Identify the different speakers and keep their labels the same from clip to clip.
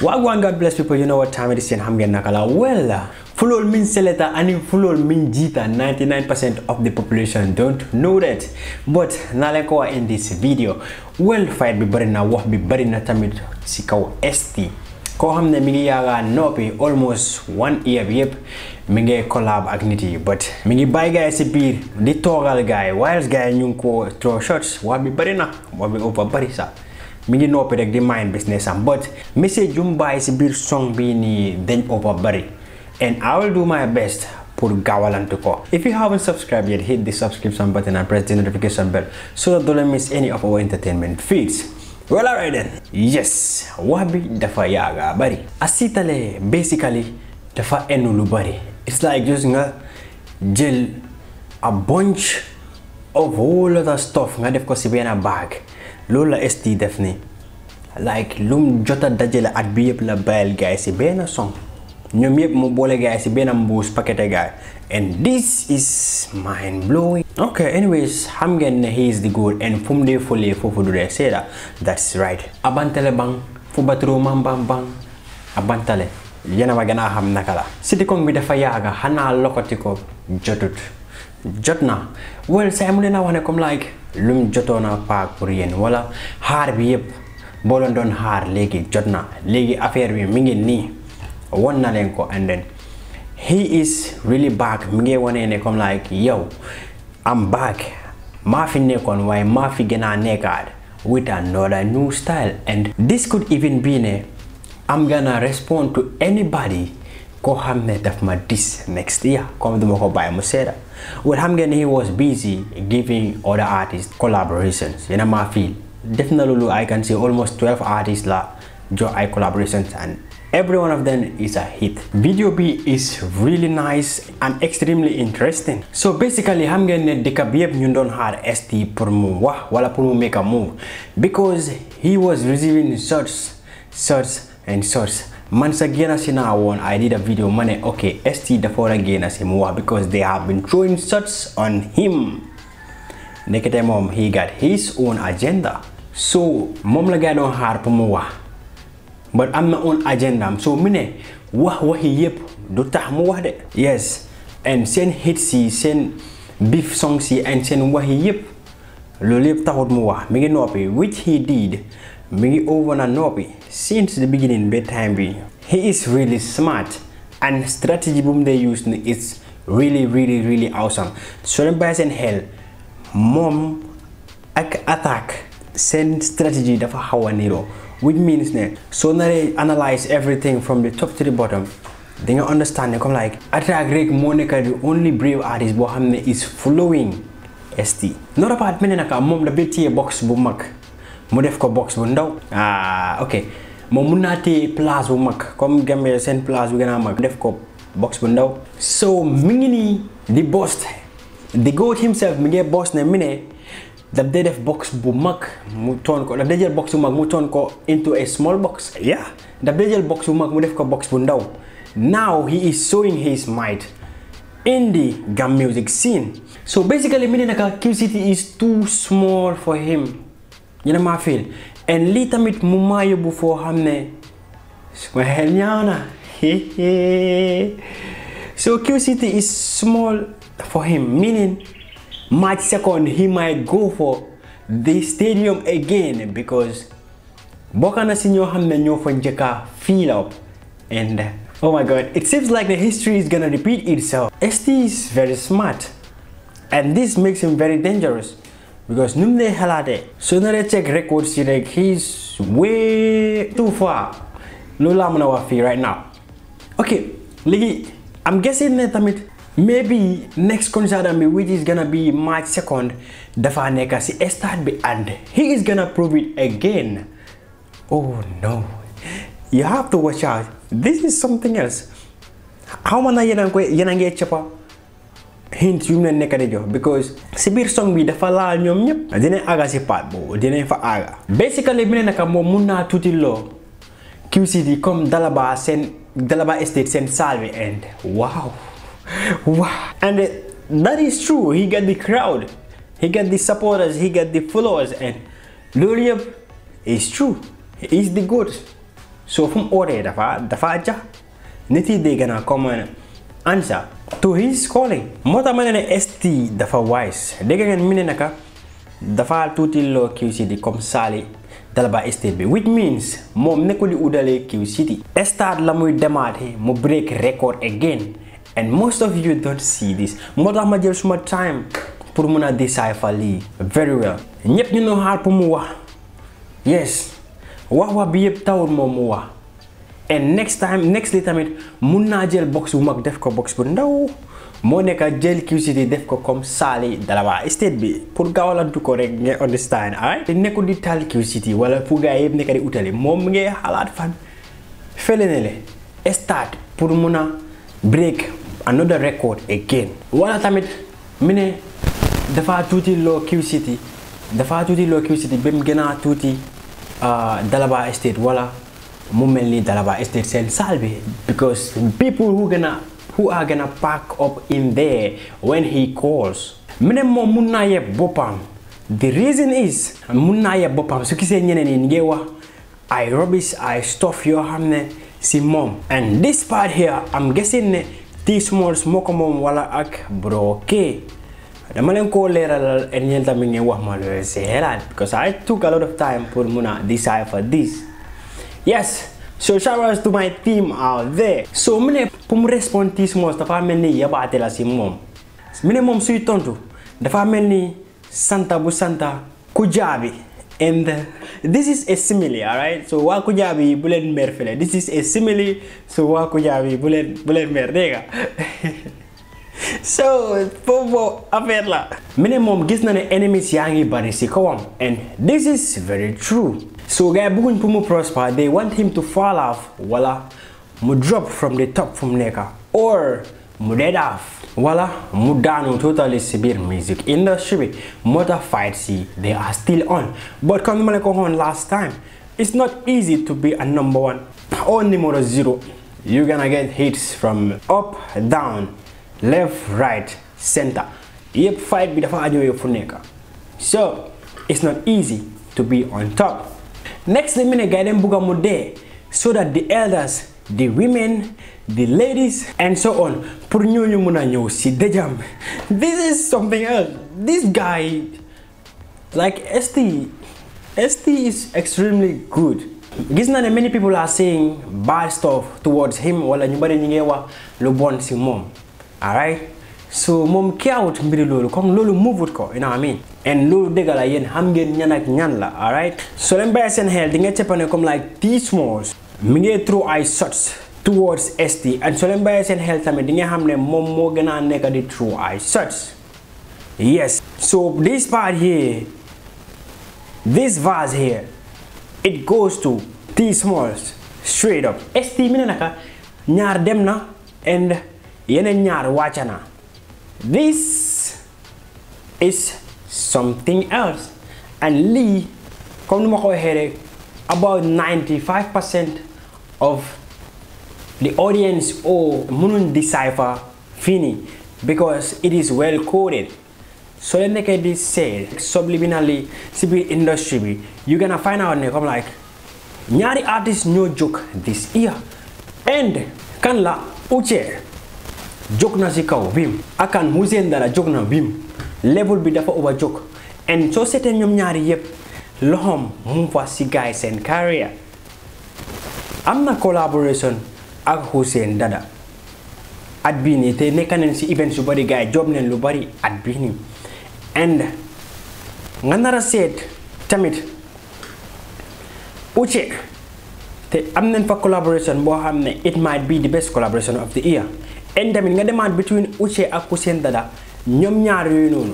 Speaker 1: Wagwan God bless people, you know what time it is in Hamgen Nakala. Well, uh, Fulol mean Seleta and Fulol mean Jita, 99% of the population don't know that. But Nalekoa in this video, well fight bi bari na wax bi bari na tamit si kaw koo xam ne mi ngi yaga nopi almost one year bi yep mi ngi collab ak nit yi but mi ngi bay gaay ci biir di toogal gaay whilst gaay ñu ko throw shots wax bi bari na wax bi over bari sa mi ngi noppi rek di mind business am but message yu mu si biir song bi nii dañ over bëri and I do my best pour gawalantu ko if you haven't subscribed yet hit the subscription button and press the notification bell so that you don't miss any of our entertainment feeds well alright then yes wax bi dafa yaaga bëri asitale basically dafa enu lu bari it's like just nga jël a bunch of whole other stuff nga def ko si benn bag loolu la ST def ni like lu mu jot a dajale ak bi yëpp la bayal gaay si benn song ñoom yëpp mu boole gaay si benn mbuus pakete gaay and this is mind blowing ok anyways xam ngeen ne he di the goal and fu mu dee fële foofu du dee seeda that's right abantale bang fu batro man bang bang abantale yéen a ma gën a xam naka la City bi dafa yaaga xanaa lokoti ko jotut jot na well say mu leen a wax ne comme like lum mu jotoon a paak pour yéen wala xaar bi yëpp boo leen doon xaar léegi jot na léegi affaire bi mi ngi nii won na leen ko and then mi ngi wanee ne comme like yow am back maa fi nekkoon waaye maa fi gën a nekkaat with another new style and this could even be ne I'm gonna respond to anybody koo xam ne dis next year Come to ko bàyyi mu well xam he was busy giving other artists collaborations yéen a maa fii def I can see almost 12 artists la jox ay collaborations and every one of them is a hit video B is really nice and extremely interesting so basically xam ngeen ne dëkk bi yëpp ñu doon ST pour mu wala pour mu make a move because he was receiving such such and such man sa génna si naa woon I did a video ma ne ok ST dafa war a génna si mu wax because they have been throwing shots on him nekkete moom he got his own agenda so moom la gaa doon xaar pour mu wax but am na own agenda am so mu ne wax waxi yëpp du tax mu wax de yes and seen hits si seen beef songs si and seen yi yëpp loolu yëpp taxut mu wax mi ngi noppi which he did Mingi Owen Anobi, since the beginning bedtime video. He is really smart and strategy boom they use is really really really awesome. So leen bàyyi seen xel moom ak attaque seen strategy dafa xaw a niroo which means ne soo naree analyse everything from the top to the bottom di nga understand ne comme like attaque rek moo nekka the only brave artist boo xam ne is following ST. Not about mel ne naka moom da ba téye box bu mag. mu def ko box bu ndaw ah ok moom mun naa téye place bu mag comme Gambia seen place bu gën a mag def ko box bu ndaw so mi ngi nii di bost the goat himself mi ngi bost ne mi ne daf dee def box bu mag mu toon ko daf dee jël box bu mag mu toon ko into a small box yeah daf dee jël box bu mag mu def ko box bu ndaw now he is showing his might in the gam music scene so basically mi ne naka QCT is too small for him yéen a maa fiil and lii tamit mu maa yóbbu foo xam suma na so QCT is small for him meaning March 2nd he might go for the stadium again because boka na si no xam ne ñoo fa up and oh my god it seems like the history is gonna repeat itself ST is very smart and this makes him very dangerous because ni mu lay xalaatee soo naree check records yi rek he's way too far loolu laa mën a wax fii right now ok léegi am guessing ne tamit maybe next concert am bi which is gonna be March second dafa nekk si stade bi and he is gonna prove it again oh no you have to watch out this is something else xaw ma na yéen a ngi koy yéen a hint yu mu leen nekk di jox because si biir song bi dafa laal ñoom ñëpp dinañ aga si paat boobu dinañ fa aga basically bi ne naka moom mun naa tuuti loo QCD comme Dalaba seen Dalaba Estate seen salve and wow wow and that is true he got the crowd he got the supporters he got the followers and loolu yëpp is true he is the good so fu mu ootee dafa dafa jax nit yi dégg comme uh, ansa to his calling moo tax ma ne ne ST dafa wise dégg ngeen mu ne naka dafa tuuti loo Q City comme Saly Dalba Estate bi which means moom nekkul di udalee Q City la muy demaate mu break record again and most of you don't see this moo tax ma jël suma time pour mun a decipher lii very well ñëpp ñu no xaar pour mu wax yes wax wax bi yëpp tawul moom mu wax and next time next li tamit mun naa jël box bu mag def ko box bu ndaw moo nekk jël QCity def ko comme saali Dalaba state bi pour gaawalantu ko rek nga understand ay te nekku di taal QCity wala pour gars yëpp nekk di utali moom ngay xalaat fan fële le start pour mun a break another record again wala tamit mu ne dafa tuuti loo QCity dafaa tuuti loo QCity ba mu gën a tuuti ah, Dalaba state wala mu mel dalam Dalaba Estate seen Salve because people who gonna who are gonna pack up in there when he calls Mene mo moom bopam. the reason is mun naa So boppam su gisee ñeneen yi rubbish I stuff your hamne si mom. and this part here I'm guessing ne this small smoke mom wala ak Bro ke. Ada leen koo lera and ñeen tamit ngeen wax ma loolu because I took a lot of time for muna decipher this Yes, so shout outs to my team out there. so mu ne pour mu respond tiis moos dafa mel ni yabaate la si moom mu ne suy tontu dafa mel ni santa bu santa Kujabi and uh, this is a simile alright so waa Kujabi bu leen mer fële this is a simile so waa Kujabi bu leen bu leen mer dégg nga so foofu la. mu ne moom gis na ne enemies yaa ngi bari si kawam and this is very true. guy بكون Pumu prosper they want him to fall off ولا mu drop from the top from neka or mu dead off wala mu down totally severe music industry motor fights they are still on but come maleko on last time it's not easy to be a number one or numero zero you're gonna get hits from up down left right center yep fight with the neka so it's not easy to be on top next the minute guy dem bugga mu dee so that the elders the women the ladies and so on pour ñooñu mun a ñëw si dëjam this is something else this guy like ST ST is extremely good gis naa ne many people are saying bad stuff towards him wala ñu bari ñu ngi wax lu bon si moom alright so moom ki awut mbiri loolu comme loolu move wut ko you know what mean and loolu dëgg la yéen xam ngeen ñan ak ñan la alright so leen seen xeel di nga cëppane comme like these malls mi ngee throw ay shots towards ST and so leen seen xeel tamit di nga xam ne moom moo gën a nekk di throw ay shots yes so this part here this verse here it goes to these malls straight up ST mi ne naka ñaar dem na and yeneen ñaar wàcca na this is something else. And Lee, come about 95% of the audience or oh, moon decipher fini because it is well coded. So then they get this said subliminally CB industry you're gonna find out I'm like nyari artist no joke this year and kanla uche joke na si kaw bim akan muzen dala joke na bim level bi dafa overjook and soo seetee ñoom ñaari yëpp loxoom mu fa si gaay seen carrière am na collaboration ak seen Dada at bii nii te nekk nañ ci events yu bari gaay job nañ lu bari at bii nii and nga nara a seet tamit Uche te am nañ fa collaboration boo xam ne it might be the best collaboration of the year and tamit nga demaan between Uche ak seen Dada ñoom ñaar yooyu noonu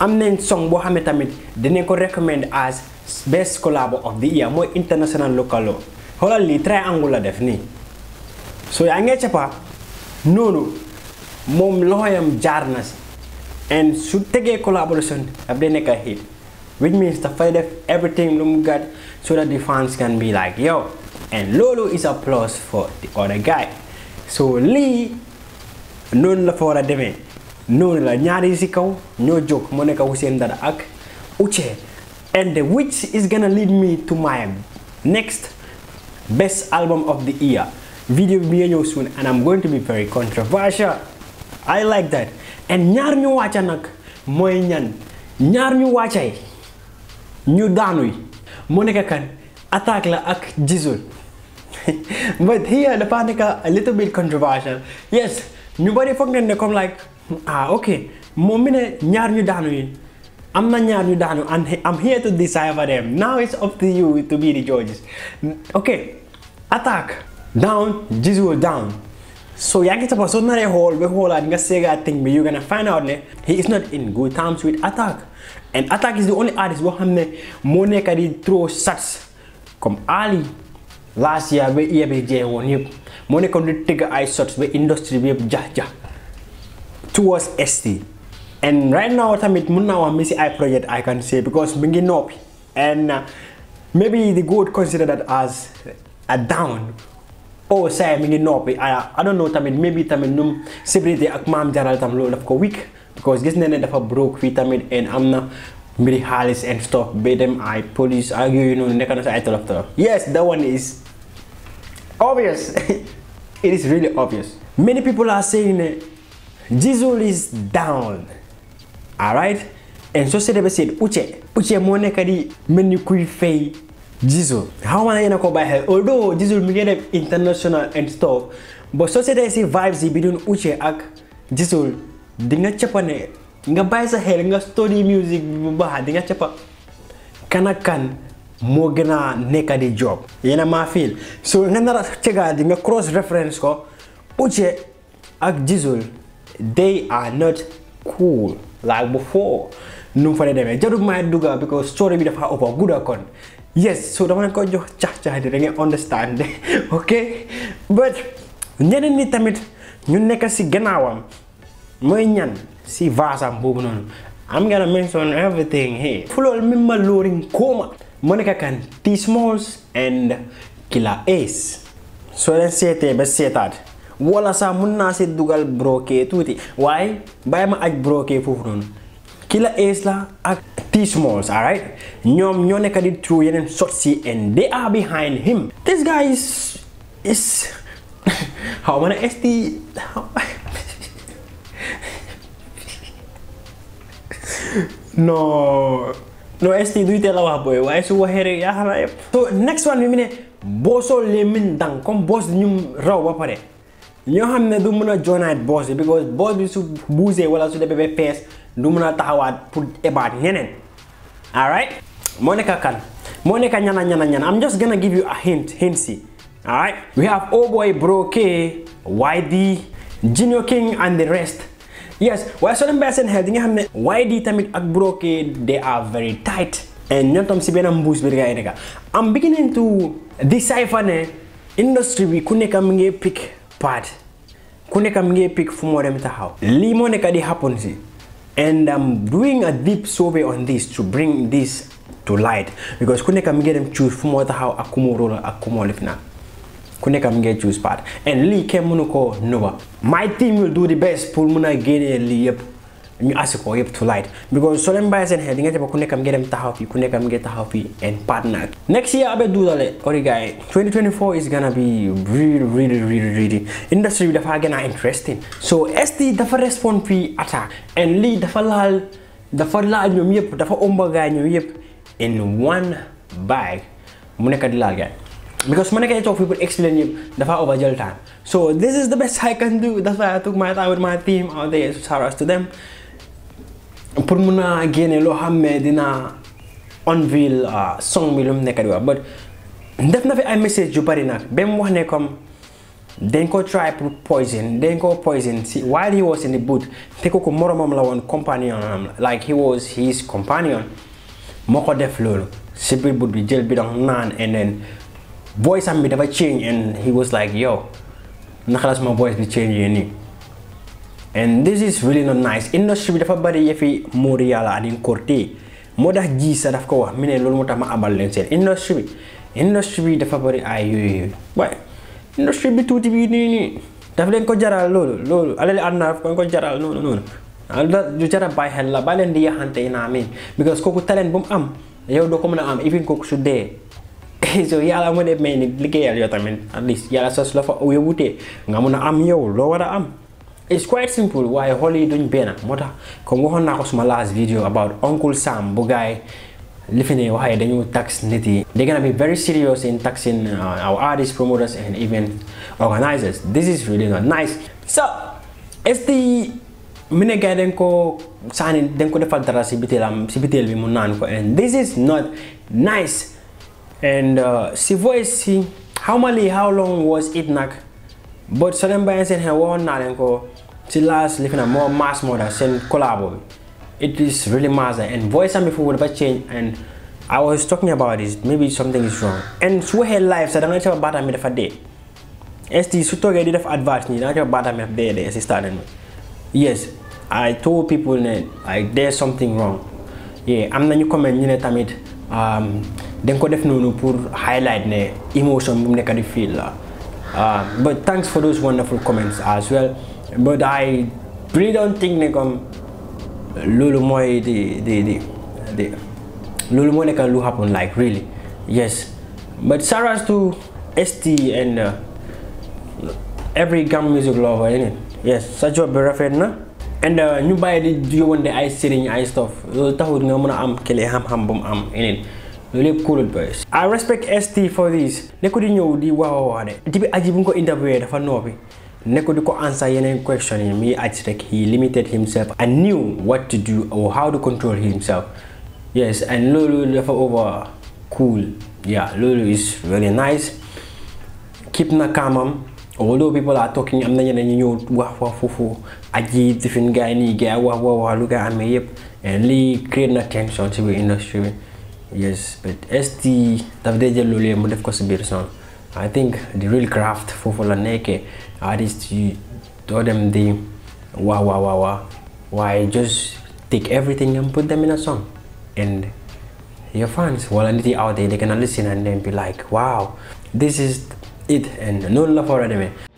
Speaker 1: am nañ song boo xam ne tamit dinañ ko recommend as best collabo of the year mooy international localo xoolal lii triangle la def nii so yaa ngee cappa noonu moom loxoyam jaar na si and su tegee collaboration daf day nekk a hit which means dafay def everything lu mu gàtt so that the fans can be like yow and loolu is applause for the other guy so lii noonu la fa war a demee noonu la ñaari si kaw ñoo jóg moo nekk Ousainou Darboe ak Uche and which is gonna lead me to my next best album of the year video bi nga ñëw soon and I'm going to be very controversial I like that and ñaar ñu wàcca nag mooy ñan ñaar ñu wàccay ñu daanuy moo nekk kan attaque la ak Jizzle but here dafa nekk a little bit controversial yes ñu bari foog nañ ne comme like ah ok moom mi ne ñaar ñu daanu yi am na ñaar ñu daanu and am here to decipher them now it's up to you to be the judges ok attack down Jizuo down so yaa ngi topp soo naree xool ba xoolaat nga seegaat thing bi you're gonna find out ne he is not in good terms with attack and attack is the only artist boo xam ne moo nekk di throw shots comme Ali last year ba year bi jeex woon yëpp moo nekkoon di tëgg ay shots ba industry bi yëpp jax towards ST and right now tamit mun naa wax Messi ay project I can say because mi ngi noppi and uh, maybe the good consider that as a down oh say mi ngi I I don't know tamit maybe tamit num célébrité ak Maam Jaara tam loolu daf ko week because gis na ne dafa broke Vitamin and amna na mbiri and stuff ba dem ay police argue. You know, nekk na sa ay tolof yes that one is obvious it is really obvious many people are saying diesel is down alright and société bi seet Uche Uche moo nekk di mel ni kuy fay diesel xaw ma yéen a ko bàyyi xel although diesel mi ngi dem international and stuff but société si vibes yi bi doon Uche ak diesel di nga cappa ne nga bàyyi sa xel nga study music bu baax di nga cappa kan kan moo gën a nekk di job yéen maa fiil so nga nar a cegaat di nga cross reference ko Uche ak diesel they are not cool like before nu fa dee demee because story bi dafa over oh, good kon yes so dama leen ko jox cax cax di da understand okay? but ñeneen ni tamit ñu nekk si gënaawam moy ñan si vas boobu noonu I'm gonna mention everything here. Fulol mimma luring koma. nekk kan T Smalls and Killer Ace. So let's say ba but wala sa mun na dugal broke tuuti waaye why? ma aj broquet foofu noonu Kila es la ak T-Smalls alright ñom ñoo nek di tru yenen sorti and they are behind him this guy is is how ma st no no st duy teel a wax boy way su waxe rek ya xala so next one mi mu ne boosoo le min dang comme rawa ñum raw ba pare ñi nga xam ne du mën a jonaat boss bi because boss bi su bougé wala su demee ba fees du mën a about pour ebaat ñeneen alright moo nekk kan moo nekk ñana ñana ñana I'm just gonna give you a hint hint si alright we have oh Bro K YD Junior King and the rest yes why so dem bàyyi seen xel di nga YD tamit ak Bro K they are very tight and ñoom tam si benn mbuus bi nga nekk I'm beginning to decipher ne industry bi ku nekk mu ngi pick party ku nekk mu ngee pick fu moo dem taxaw lii moo nekk di happen si and I'm doing a deep survey on this to bring this to light because ku nekk mu ngee dem choose fu moo taxaw ak ku moo rola ak ku moo lif na ku nekk mu ngee choose part and lii kenn mënu ko nëba my team will do the best pour mun a génnee lii yëpp ñu asi ko yëpp tonight because soo leen bàyyi seen xel di nga jàpp ku nekkam ngeen dem taxaw fii ku nekkam ngeen taxaw fii and partner next year abe duudale ori guy 2024 is gonna be really really really really industry bi dafa interesting so ST dafa respond fii attack and lii dafa laal dafa laal ñoom yëpp dafa omba gaay ñoom yëpp in one bag mu nekk di laal gaay because when I talk people explain you the far over time. So this I can do. That's I took my time with my team out there to shout to them. pour mun a génne loo xam ne dina on ville ah, song bi lu mu nekk di wax but def na fi ay message yu bari nag ba mu wax ne comme dañ ko try pour poison dañ ko poison si while he was in the boot te kooku moromam la woon companion am la like he was his companion moo ko def loolu si biir boot bi jël bi doon naan and then voice am bi dafa change and he was like yow naka la suma voice bi change nii and this is really not nice industry bi dafa bari yëfi muuri yàlla adin korte moo tax ji sa daf ko wax mu ne loolu moo tax ma abal leen seen industry bi industry bi dafa bari ay yooyu yooyu waaye industry bi tuuti bi nii nii daf leen ko jaral loolu loolu alali àdduna ko jaral noonu noonu lu jara bàyyi xel la ba leen di yaxante yi naa miin because kooku talent bu mu am yow doo ko mën a am even kooku su dee so yàlla ma ne may ni liggéeyal yow tamit at least yàlla sos la fa yóbbutee nga mun a am yow loo war a am It's quite simple why Holly duñ benn moo tax comme waxoon naa ko last video about Uncle Sam bu living in Ohio, they waxee dañu tax niti They're gonna be very serious in taxing uh, our artists, promoters and even organizers. This is really not nice. So it's the mu ne gaay dañ ko sànni dañ ko defal dara si bitéelam um, si bitéel bi mu naan ko and this is not nice and uh, si si how many how long was it nag but so dem bàyyi seen xel waxoon naa leen ko last living a more mass moo da seen collabo it is really mass and voice and before would dafa change and I was talking about this maybe something is wrong and su waxee live sax da nga ca baatam bi dafa dee ST su toogee di def advert nii da nga ca baatam bi dafa dee dee yes I told people that like there's something wrong yeah am nañu comment ñu ne tamit da nga ko def noonu pour highlight ne emotion bu mu nekk feel la uh, Uh, but thanks for those wonderful comments as well. But I really don't think ne comme um, loolu mooy di di di di loolu moo nekk lu happen like really yes but shout ST and uh, every gam music lover in it yes sa job bi rafet na. and uh, ñu bàyyi di yóbbante ay sëriñ ay stuff loolu taxul nga mun a am kile xam-xam bu mu am in it. loolu yëpp coolul boys I respect ST for this nekku di ñëw di wax wax de jibi aji bu ñu ko interviewé dafa noobi nekku di ko answer yeneen question yi muy aji rek he limited himself and knew what to do or how to control himself yes and loolu dafa over cool yeah loolu is very nice keep na calm although people are talking am na ñeneen ñu ñëw wax wax foofu aji different gaay nii gaay wax wax wax lu koy amee yëpp and lii create na tension ci biir industry yes but st daf dee jël loolu mu def ko si biir son I think the real craft foofu la nekkee artist yi doo dem di waa waa waa waa waaye just take everything and put them in a song and your fans wala nit yi out there they can listen and then be like wow this is it and noonu la fa war a demee